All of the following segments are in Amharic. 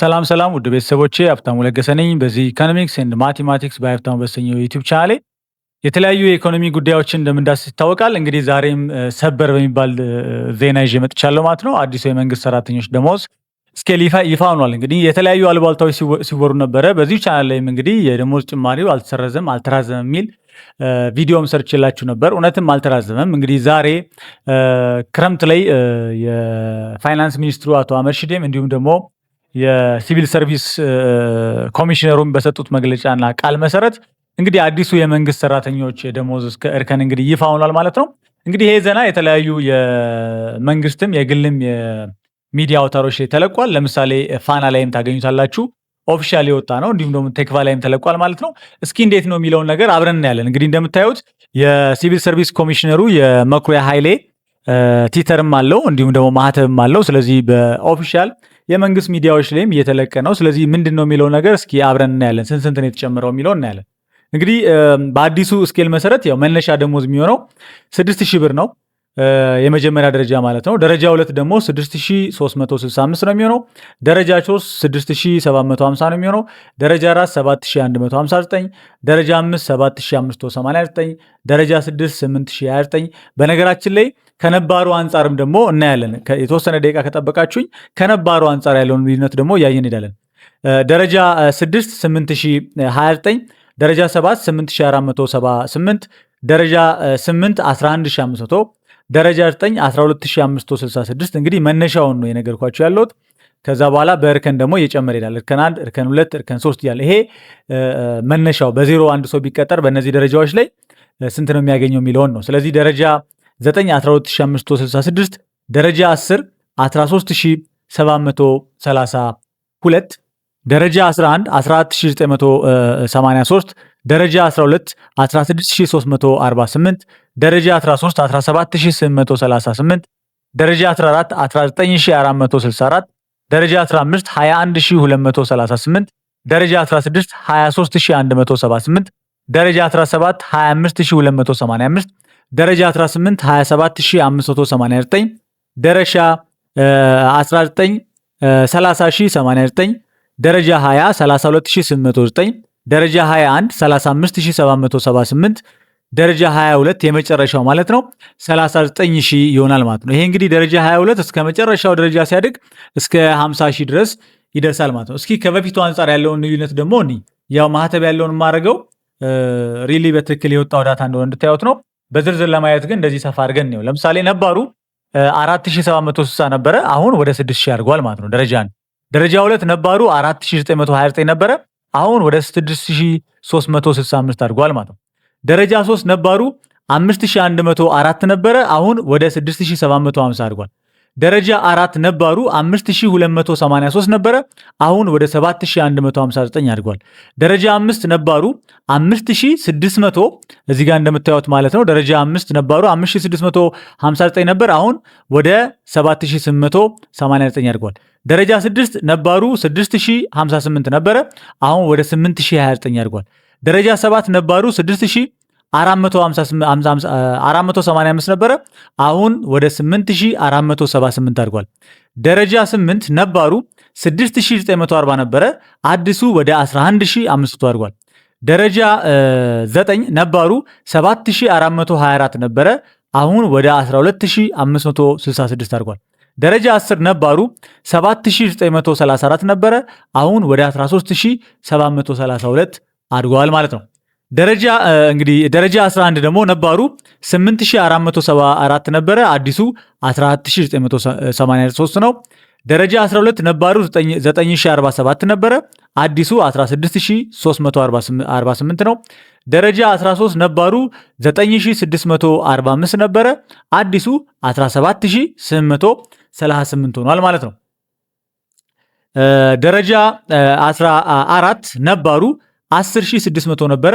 ሰላም ሰላም ውድ ቤተሰቦቼ ሀብታሙ ለገሰ ነኝ። በዚህ ኢኮኖሚክስ ኤንድ ማቴማቲክስ በሀብታሙ በሰኘው ዩቲዩብ ቻናሌ የተለያዩ የኢኮኖሚ ጉዳዮችን እንደምንዳስስ ይታወቃል። እንግዲህ ዛሬም ሰበር በሚባል ዜና ይዤ መጥቻለሁ ማለት ነው። አዲሱ የመንግስት ሰራተኞች ደሞዝ ስኬል ይፋ ሆኗል። እንግዲህ የተለያዩ አልባልታዎች ሲወሩ ነበረ። በዚሁ ቻናል ላይም እንግዲህ የደሞዝ ጭማሪው አልተሰረዘም አልተራዘም የሚል ቪዲዮም ሰርችላችሁ ነበር። እውነትም አልተራዘመም። እንግዲህ ዛሬ ክረምት ላይ የፋይናንስ ሚኒስትሩ አቶ አህመድ ሽዴም እንዲሁም ደግሞ የሲቪል ሰርቪስ ኮሚሽነሩን በሰጡት መግለጫና ቃል መሰረት እንግዲህ አዲሱ የመንግስት ሰራተኞች የደሞዝ እርከን እንግዲህ ይፋ ሆኗል ማለት ነው። እንግዲህ ይሄ ዜና የተለያዩ የመንግስትም የግልም የሚዲያ አውታሮች ላይ ተለቋል። ለምሳሌ ፋና ላይም ታገኙታላችሁ። ኦፊሻል የወጣ ነው። እንዲሁም ደግሞ ቴክቫ ላይም ተለቋል ማለት ነው። እስኪ እንዴት ነው የሚለውን ነገር አብረን እናያለን። እንግዲህ እንደምታዩት የሲቪል ሰርቪስ ኮሚሽነሩ የመኩሪያ ኃይሌ ቲተርም አለው እንዲሁም ደግሞ ማህተብም አለው። ስለዚህ በኦፊሻል የመንግስት ሚዲያዎች ላይም እየተለቀ ነው። ስለዚህ ምንድን ነው የሚለው ነገር እስኪ አብረን እናያለን። ስንት ስንት ነው የተጨመረው የሚለው እናያለን። እንግዲህ በአዲሱ ስኬል መሰረት ያው መነሻ ደሞዝ የሚሆነው ስድስት ሺህ ብር ነው የመጀመሪያ ደረጃ ማለት ነው። ደረጃ ሁለት ደግሞ 6365 ነው የሚሆነው። ደረጃ 3 6750 ነው የሚሆነው። ደረጃ 4 7159፣ ደረጃ 5 7589፣ ደረጃ 6 8029። በነገራችን ላይ ከነባሩ አንጻርም ደግሞ እናያለን። የተወሰነ ደቂቃ ከጠበቃችሁኝ ከነባሩ አንጻር ያለውን ልዩነት ደግሞ እያየን ሄዳለን። ደረጃ 6 8029፣ ደረጃ 7 8478፣ ደረጃ 8 11500፣ ደረጃ 9 12566። እንግዲህ መነሻውን ነው የነገርኳቸው ያለሁት። ከዛ በኋላ በእርከን ደግሞ እየጨመረ ይላል። እርከን አንድ፣ እርከን ሁለት፣ እርከን ሶስት እያለ ይሄ መነሻው በዜሮ አንድ ሰው ቢቀጠር በእነዚህ ደረጃዎች ላይ ስንት ነው የሚያገኘው የሚለውን ነው። ስለዚህ ደረጃ 9126566 ደረጃ 10 13732 ደረጃ 11 14983 ደረጃ 12 16348 ደረጃ 13 17838 ደረጃ 14 19464 ደረጃ 15 21238 ደረጃ 16 23178 ደረጃ 17 25285 ደረጃ 18 27589 ደረሻ 19 30089 ደረጃ 20 32809 ደረጃ 21 35778 ደረጃ 22 የመጨረሻው ማለት ነው 39000 ይሆናል ማለት ነው። ይሄ እንግዲህ ደረጃ 22 እስከ መጨረሻው ደረጃ ሲያድግ እስከ 50000 ድረስ ይደርሳል ማለት ነው። እስኪ ከበፊቱ አንጻር ያለውን ልዩነት ደግሞ ያው ማህተብ ያለውን የማደርገው ሪሊ በትክክል የወጣው ዳታ እንደሆነ እንድታዩት ነው። በዝርዝር ለማየት ግን እንደዚህ ሰፋ አድርገን ነው። ለምሳሌ ነባሩ 4760 ነበረ፣ አሁን ወደ 6000 አድርጓል ማለት ነው። ደረጃ ደረጃ ሁለት ነባሩ 4929 ነበረ፣ አሁን ወደ 6365 አድርጓል ማለት ነው። ደረጃ 3 ነባሩ 5104 ነበረ፣ አሁን ወደ 6750 አድርጓል። ደረጃ አራት ነባሩ 5283 ነበረ። አሁን ወደ 7159 አድጓል። ደረጃ አምስት ነባሩ 5600 እዚህ ጋር እንደምታዩት ማለት ነው። ደረጃ አምስት ነባሩ 5659 ነበር። አሁን ወደ 7889 አድጓል። ደረጃ ስድስት ነባሩ 6058 ነበረ። አሁን ወደ 8029 አድጓል። ደረጃ ሰባት ነባሩ 6000 485 ነበረ። አሁን ወደ 8478 አድጓል። ደረጃ 8 ነባሩ 6940 ነበረ። አዲሱ ወደ 11500 አድጓል። ደረጃ 9 ነባሩ 7424 ነበረ። አሁን ወደ 12566 አድጓል። ደረጃ 10 ነባሩ 7934 ነበረ። አሁን ወደ 13732 አድጓል ማለት ነው። ደረጃ እንግዲህ ደረጃ 11 ደግሞ ነባሩ 8474 ነበረ፣ አዲሱ 14983 ነው። ደረጃ 12 ነባሩ 9047 ነበረ፣ አዲሱ 16348 ነው። ደረጃ 13 ነባሩ 9645 ነበረ፣ አዲሱ 17838 ሆኗል ማለት ነው። ደረጃ 14 ነባሩ 10600 ነበረ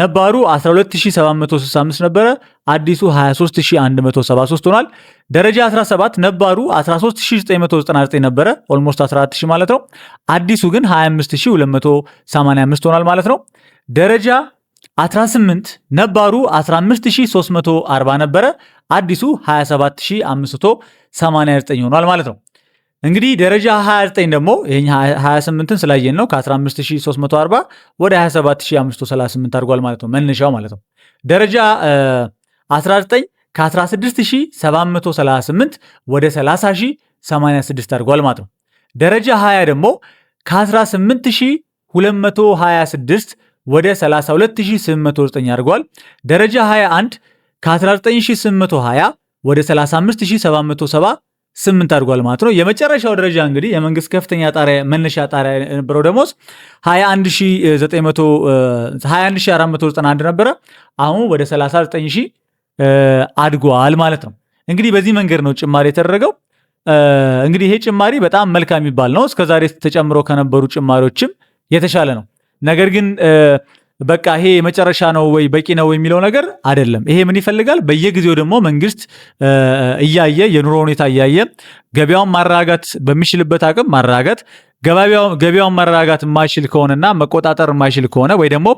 ነባሩ 12765 ነበረ። አዲሱ 23173 ሆኗል። ደረጃ 17 ነባሩ 13999 ነበረ። ኦልሞስት 14000 ማለት ነው። አዲሱ ግን 25285 ሆኗል ማለት ነው። ደረጃ 18 ነባሩ 15340 ነበረ። አዲሱ 27589 ሆኗል ማለት ነው። እንግዲህ ደረጃ 29 ደግሞ ይህ 28ን ስላየን ነው ከ15340 ወደ 27538 አድርጓል ማለት ነው፣ መነሻው ማለት ነው። ደረጃ 19 ከ16738 ወደ 30086 አድርጓል ማለት ነው። ደረጃ 20 ደግሞ ከ18226 ወደ 32809 አድርጓል። ደረጃ 21 ከ19820 ወደ 35770 ስምንት አድጓል ማለት ነው። የመጨረሻው ደረጃ እንግዲህ የመንግስት ከፍተኛ ጣሪያ መነሻ ጣሪያ የነበረው ደሞዝ 21491 ነበረ። አሁን ወደ 39 ሺህ አድጓል ማለት ነው። እንግዲህ በዚህ መንገድ ነው ጭማሪ የተደረገው። እንግዲህ ይሄ ጭማሪ በጣም መልካም የሚባል ነው። እስከዛሬ ተጨምሮ ከነበሩ ጭማሪዎችም የተሻለ ነው። ነገር ግን በቃ ይሄ የመጨረሻ ነው ወይ በቂ ነው የሚለው ነገር አይደለም። ይሄ ምን ይፈልጋል? በየጊዜው ደግሞ መንግስት እያየ የኑሮ ሁኔታ እያየ ገበያውን ማረጋጋት በሚችልበት አቅም ማረጋጋት ገበያውን መረጋጋት የማይችል ከሆነና መቆጣጠር የማይችል ከሆነ ወይ ደግሞ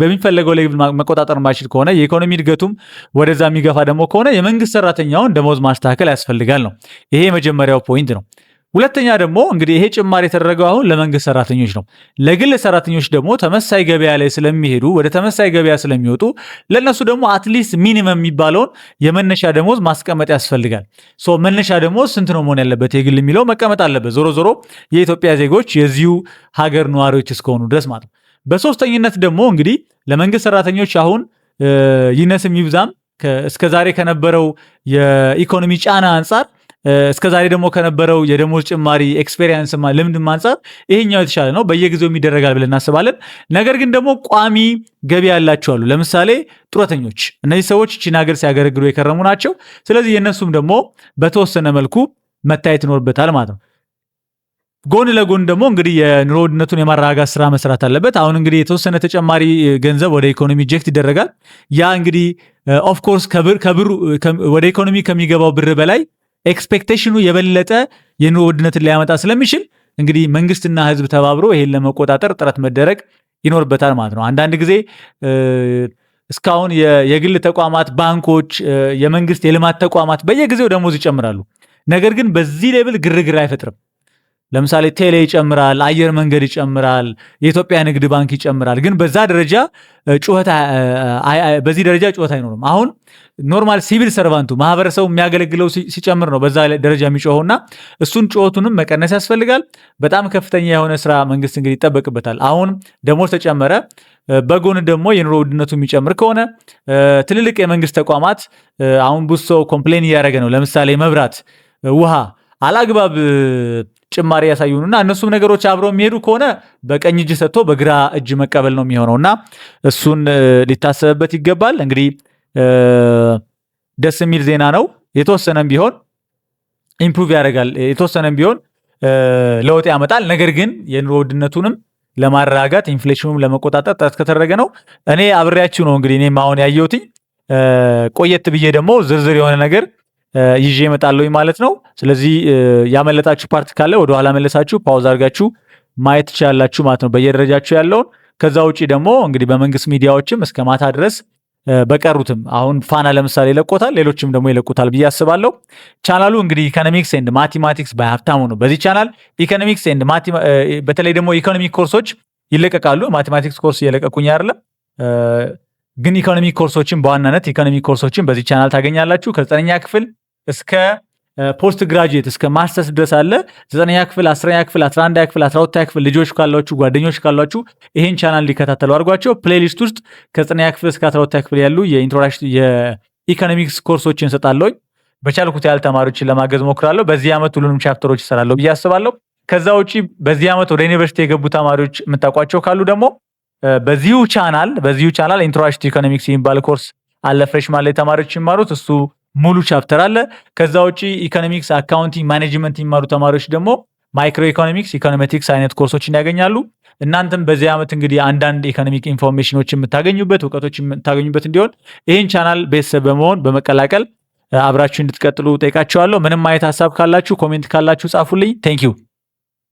በሚፈለገው ላይ መቆጣጠር የማይችል ከሆነ የኢኮኖሚ እድገቱም ወደዛ የሚገፋ ደግሞ ከሆነ የመንግስት ሰራተኛውን ደሞዝ ማስተካከል ያስፈልጋል ነው። ይሄ የመጀመሪያው ፖይንት ነው። ሁለተኛ ደግሞ እንግዲህ ይሄ ጭማሪ የተደረገው አሁን ለመንግስት ሰራተኞች ነው። ለግል ሰራተኞች ደግሞ ተመሳይ ገበያ ላይ ስለሚሄዱ ወደ ተመሳይ ገበያ ስለሚወጡ ለእነሱ ደግሞ አትሊስት ሚኒመም የሚባለውን የመነሻ ደሞዝ ማስቀመጥ ያስፈልጋል። ሶ መነሻ ደሞዝ ስንት ነው መሆን ያለበት የግል የሚለው መቀመጥ አለበት። ዞሮ ዞሮ የኢትዮጵያ ዜጎች የዚሁ ሀገር ነዋሪዎች እስከሆኑ ድረስ ማለት ነው። በሶስተኝነት ደግሞ እንግዲህ ለመንግስት ሰራተኞች አሁን ይነስም ይብዛም እስከዛሬ ከነበረው የኢኮኖሚ ጫና አንጻር እስከ ዛሬ ደግሞ ከነበረው የደሞዝ ጭማሪ ኤክስፔሪንስ ልምድ አንጻር ይሄኛው የተሻለ ነው። በየጊዜው የሚደረጋል ብለን እናስባለን። ነገር ግን ደግሞ ቋሚ ገቢ ያላቸው አሉ። ለምሳሌ ጡረተኞች፣ እነዚህ ሰዎች ቺን ሀገር ሲያገለግሉ የከረሙ ናቸው። ስለዚህ የእነሱም ደግሞ በተወሰነ መልኩ መታየት ይኖርበታል ማለት ነው። ጎን ለጎን ደግሞ እንግዲህ የኑሮ ውድነቱን የማረጋጋት ስራ መስራት አለበት። አሁን እንግዲህ የተወሰነ ተጨማሪ ገንዘብ ወደ ኢኮኖሚ ኢንጀክት ይደረጋል። ያ እንግዲህ ኦፍኮርስ ወደ ኢኮኖሚ ከሚገባው ብር በላይ ኤክስፔክቴሽኑ የበለጠ የኑሮ ውድነትን ሊያመጣ ስለሚችል እንግዲህ መንግስትና ህዝብ ተባብሮ ይሄን ለመቆጣጠር ጥረት መደረግ ይኖርበታል ማለት ነው። አንዳንድ ጊዜ እስካሁን የግል ተቋማት፣ ባንኮች፣ የመንግስት የልማት ተቋማት በየጊዜው ደሞዝ ይጨምራሉ። ነገር ግን በዚህ ሌብል ግርግር አይፈጥርም። ለምሳሌ ቴሌ ይጨምራል፣ አየር መንገድ ይጨምራል፣ የኢትዮጵያ ንግድ ባንክ ይጨምራል። ግን በዛ ደረጃ በዚህ ደረጃ ጩኸት አይኖርም። አሁን ኖርማል ሲቪል ሰርቫንቱ ማህበረሰቡ የሚያገለግለው ሲጨምር ነው በዛ ደረጃ የሚጮኸውና እሱን ጩኸቱንም መቀነስ ያስፈልጋል። በጣም ከፍተኛ የሆነ ስራ መንግስት እንግዲህ ይጠበቅበታል። አሁን ደሞዝ ተጨመረ፣ በጎን ደግሞ የኑሮ ውድነቱ የሚጨምር ከሆነ ትልልቅ የመንግስት ተቋማት አሁን ብሶ ኮምፕሌን እያደረገ ነው። ለምሳሌ መብራት፣ ውሃ አላግባብ ጭማሪ ያሳዩንና እነሱም ነገሮች አብረው የሚሄዱ ከሆነ በቀኝ እጅ ሰጥቶ በግራ እጅ መቀበል ነው የሚሆነው እና እሱን ሊታሰብበት ይገባል። እንግዲህ ደስ የሚል ዜና ነው። የተወሰነም ቢሆን ኢምፕሩቭ ያደርጋል፣ የተወሰነም ቢሆን ለውጥ ያመጣል። ነገር ግን የኑሮ ውድነቱንም ለማረጋጋት ኢንፍሌሽኑም ለመቆጣጠር ጥረት ከተደረገ ነው። እኔ አብሬያችሁ ነው እንግዲህ እኔም አሁን ያየሁትኝ ቆየት ብዬ ደግሞ ዝርዝር የሆነ ነገር ይዤ እመጣለሁኝ ማለት ነው። ስለዚህ ያመለጣችሁ ፓርት ካለ ወደኋላ መለሳችሁ ፓውዝ አድርጋችሁ ማየት ትችላላችሁ ማለት ነው፣ በየደረጃችሁ ያለውን። ከዛ ውጪ ደግሞ እንግዲህ በመንግስት ሚዲያዎችም እስከ ማታ ድረስ በቀሩትም አሁን ፋና ለምሳሌ ይለቆታል፣ ሌሎችም ደግሞ ይለቁታል ብዬ አስባለሁ። ቻናሉ እንግዲህ ኢኮኖሚክስ ኤንድ ማቴማቲክስ ባይሀብታሙ ነው። በዚህ ቻናል ኢኮኖሚክስ ኤንድ በተለይ ደግሞ ኢኮኖሚክ ኮርሶች ይለቀቃሉ። ማቴማቲክስ ኮርስ እየለቀቁኝ አይደለም ግን ኢኮኖሚ ኮርሶችን በዋናነት ኢኮኖሚ ኮርሶችን በዚህ ቻናል ታገኛላችሁ። ከዘጠነኛ ክፍል እስከ ፖስት ግራጁዌት እስከ ማስተርስ ድረስ አለ። ዘጠነኛ ክፍል፣ አስረኛ ክፍል፣ አስራ አንደኛ ክፍል፣ አስራ ሁለተኛ ክፍል ልጆች ካሏችሁ ጓደኞች ካሏችሁ ይህን ቻናል እንዲከታተሉ አድርጓቸው። ፕሌሊስት ውስጥ ከዘጠነኛ ክፍል እስከ አስራ ሁለተኛ ክፍል ያሉ የኢንትሮዳክሽን የኢኮኖሚክስ ኮርሶችን እሰጣለሁ። በቻልኩት ያህል ተማሪዎችን ለማገዝ ሞክራለሁ። በዚህ ዓመት ሁሉንም ቻፕተሮች እሰራለሁ ብዬ አስባለሁ። ከዛ ውጪ በዚህ ዓመት ወደ ዩኒቨርሲቲ የገቡ ተማሪዎች የምታውቋቸው ካሉ ደግሞ በዚሁ ቻናል በዚሁ ቻናል ኢንትሮዳክሽን ቱ ኢኮኖሚክስ የሚባል ኮርስ አለ ፍሬሽማን ላይ ተማሪዎች ይማሩት እሱ ሙሉ ቻፕተር አለ። ከዛ ውጪ ኢኮኖሚክስ፣ አካውንቲንግ፣ ማኔጅመንት የሚማሩ ተማሪዎች ደግሞ ማይክሮ ኢኮኖሚክስ፣ ኢኮኖሜቲክስ አይነት ኮርሶችን ያገኛሉ። እናንተም በዚህ ዓመት እንግዲህ አንዳንድ ኢኮኖሚክ ኢንፎርሜሽኖች የምታገኙበት እውቀቶች የምታገኙበት እንዲሆን ይህን ቻናል ቤተሰብ በመሆን በመቀላቀል አብራችሁ እንድትቀጥሉ ጠይቃችኋለሁ። ምንም አይነት ሀሳብ ካላችሁ ኮሜንት ካላችሁ ጻፉልኝ። ቴንክ ዩ